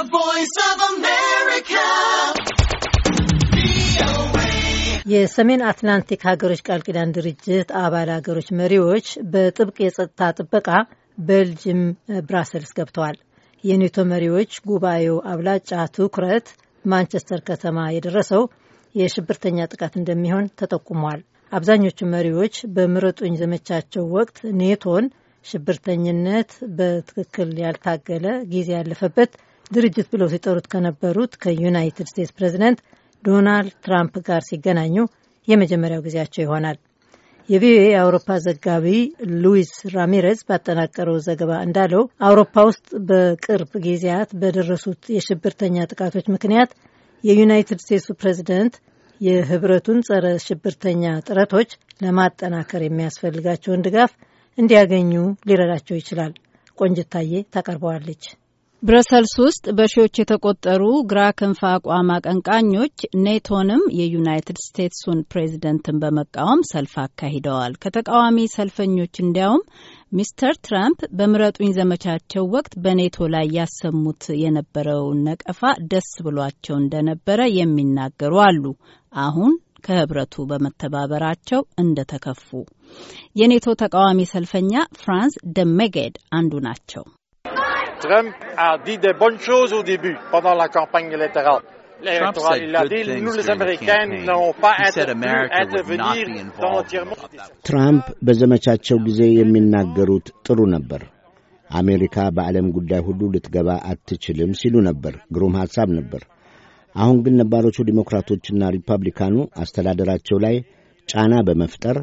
The Voice of America. የሰሜን አትላንቲክ ሀገሮች ቃል ኪዳን ድርጅት አባል ሀገሮች መሪዎች በጥብቅ የጸጥታ ጥበቃ በልጅም ብራሰልስ ገብተዋል። የኔቶ መሪዎች ጉባኤው አብላጫ ትኩረት ማንቸስተር ከተማ የደረሰው የሽብርተኛ ጥቃት እንደሚሆን ተጠቁሟል። አብዛኞቹ መሪዎች በምረጡኝ ዘመቻቸው ወቅት ኔቶን ሽብርተኝነት በትክክል ያልታገለ ጊዜ ያለፈበት ድርጅት ብለው ሲጠሩት ከነበሩት ከዩናይትድ ስቴትስ ፕሬዚደንት ዶናልድ ትራምፕ ጋር ሲገናኙ የመጀመሪያው ጊዜያቸው ይሆናል። የቪኦኤ የአውሮፓ ዘጋቢ ሉዊስ ራሚሬዝ ባጠናቀረው ዘገባ እንዳለው አውሮፓ ውስጥ በቅርብ ጊዜያት በደረሱት የሽብርተኛ ጥቃቶች ምክንያት የዩናይትድ ስቴትሱ ፕሬዚደንት የህብረቱን ጸረ ሽብርተኛ ጥረቶች ለማጠናከር የሚያስፈልጋቸውን ድጋፍ እንዲያገኙ ሊረዳቸው ይችላል። ቆንጅታዬ ታቀርበዋለች። ብረሰልስ ውስጥ በሺዎች የተቆጠሩ ግራ ክንፍ አቋም አቀንቃኞች ኔቶንም የዩናይትድ ስቴትሱን ፕሬዚደንትን በመቃወም ሰልፍ አካሂደዋል። ከተቃዋሚ ሰልፈኞች እንዲያውም ሚስተር ትራምፕ በምረጡኝ ዘመቻቸው ወቅት በኔቶ ላይ ያሰሙት የነበረውን ነቀፋ ደስ ብሏቸው እንደነበረ የሚናገሩ አሉ። አሁን ከህብረቱ በመተባበራቸው እንደተከፉ የኔቶ ተቃዋሚ ሰልፈኛ ፍራንስ ደሜጌድ አንዱ ናቸው። Trump a dit des bonnes choses au début, pendant la campagne électorale. a ትራምፕ በዘመቻቸው ጊዜ የሚናገሩት ጥሩ ነበር። አሜሪካ በዓለም ጉዳይ ሁሉ ልትገባ አትችልም ሲሉ ነበር። ግሩም ሐሳብ ነበር። አሁን ግን ነባሮቹ ዲሞክራቶችና ሪፐብሊካኑ አስተዳደራቸው ላይ ጫና በመፍጠር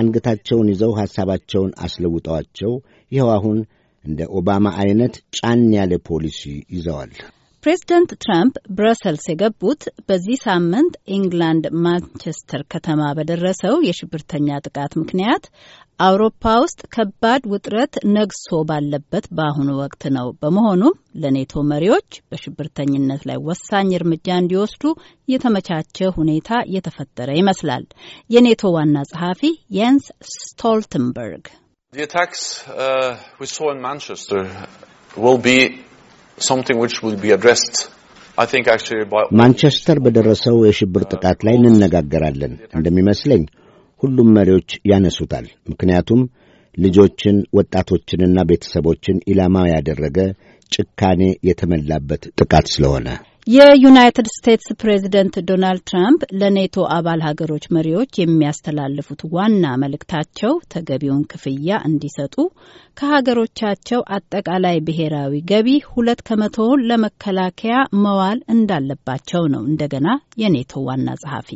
አንገታቸውን ይዘው ሐሳባቸውን አስለውጠዋቸው ይኸው አሁን እንደ ኦባማ አይነት ጫን ያለ ፖሊሲ ይዘዋል። ፕሬዚደንት ትራምፕ ብረሰልስ የገቡት በዚህ ሳምንት ኢንግላንድ ማንቸስተር ከተማ በደረሰው የሽብርተኛ ጥቃት ምክንያት አውሮፓ ውስጥ ከባድ ውጥረት ነግሶ ባለበት በአሁኑ ወቅት ነው። በመሆኑም ለኔቶ መሪዎች በሽብርተኝነት ላይ ወሳኝ እርምጃ እንዲወስዱ የተመቻቸ ሁኔታ እየተፈጠረ ይመስላል። የኔቶ ዋና ጸሐፊ የንስ ስቶልትንበርግ። The attacks uh, we saw in Manchester will be something which will be addressed. ማንቸስተር በደረሰው የሽብር ጥቃት ላይ እንነጋገራለን እንደሚመስለኝ ሁሉም መሪዎች ያነሱታል። ምክንያቱም ልጆችን፣ ወጣቶችንና ቤተሰቦችን ኢላማ ያደረገ ጭካኔ የተመላበት ጥቃት ስለሆነ የዩናይትድ ስቴትስ ፕሬዝደንት ዶናልድ ትራምፕ ለኔቶ አባል ሀገሮች መሪዎች የሚያስተላልፉት ዋና መልእክታቸው ተገቢውን ክፍያ እንዲሰጡ ከሀገሮቻቸው አጠቃላይ ብሔራዊ ገቢ ሁለት ከመቶውን ለመከላከያ መዋል እንዳለባቸው ነው። እንደገና የኔቶ ዋና ጸሐፊ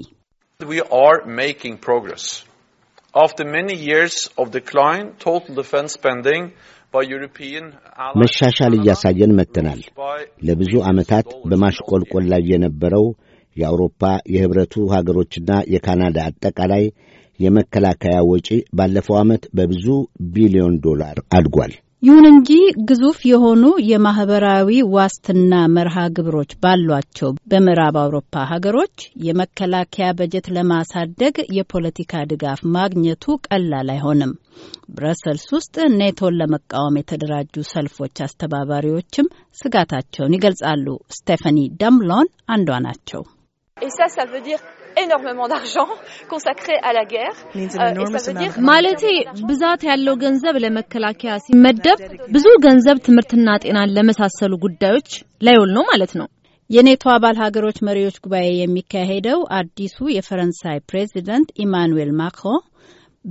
After many years of decline, total defense spending መሻሻል እያሳየን መጥተናል። ለብዙ ዓመታት በማሽቆልቆል ላይ የነበረው የአውሮፓ የኅብረቱ ሀገሮችና የካናዳ አጠቃላይ የመከላከያ ወጪ ባለፈው ዓመት በብዙ ቢሊዮን ዶላር አድጓል። ይሁን እንጂ ግዙፍ የሆኑ የማህበራዊ ዋስትና መርሃ ግብሮች ባሏቸው በምዕራብ አውሮፓ ሀገሮች የመከላከያ በጀት ለማሳደግ የፖለቲካ ድጋፍ ማግኘቱ ቀላል አይሆንም። ብረሰልስ ውስጥ ኔቶን ለመቃወም የተደራጁ ሰልፎች አስተባባሪዎችም ስጋታቸውን ይገልጻሉ። ስቴፈኒ ደምሎን አንዷ ናቸው። Et ça, ça veut dire énormément d'argent consacré à la guerre. Euh, ማለቴ ብዛት ያለው ገንዘብ ለመከላከያ ሲመደብ ብዙ ገንዘብ ትምህርትና ጤናን ለመሳሰሉ ጉዳዮች ላይውል ነው ማለት ነው። የኔቶ አባል ሀገሮች መሪዎች ጉባኤ የሚካሄደው አዲሱ የፈረንሳይ ፕሬዚደንት ኢማኑኤል ማክሮን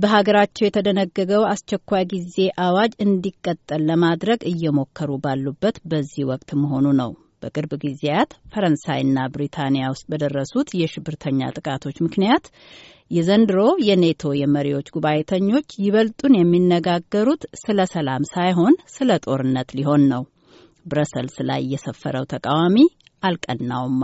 በሀገራቸው የተደነገገው አስቸኳይ ጊዜ አዋጅ እንዲቀጠል ለማድረግ እየሞከሩ ባሉበት በዚህ ወቅት መሆኑ ነው። በቅርብ ጊዜያት ፈረንሳይና ብሪታንያ ውስጥ በደረሱት የሽብርተኛ ጥቃቶች ምክንያት የዘንድሮ የኔቶ የመሪዎች ጉባኤተኞች ይበልጡን የሚነጋገሩት ስለ ሰላም ሳይሆን ስለ ጦርነት ሊሆን ነው። ብረሰልስ ላይ የሰፈረው ተቃዋሚ አልቀናውም።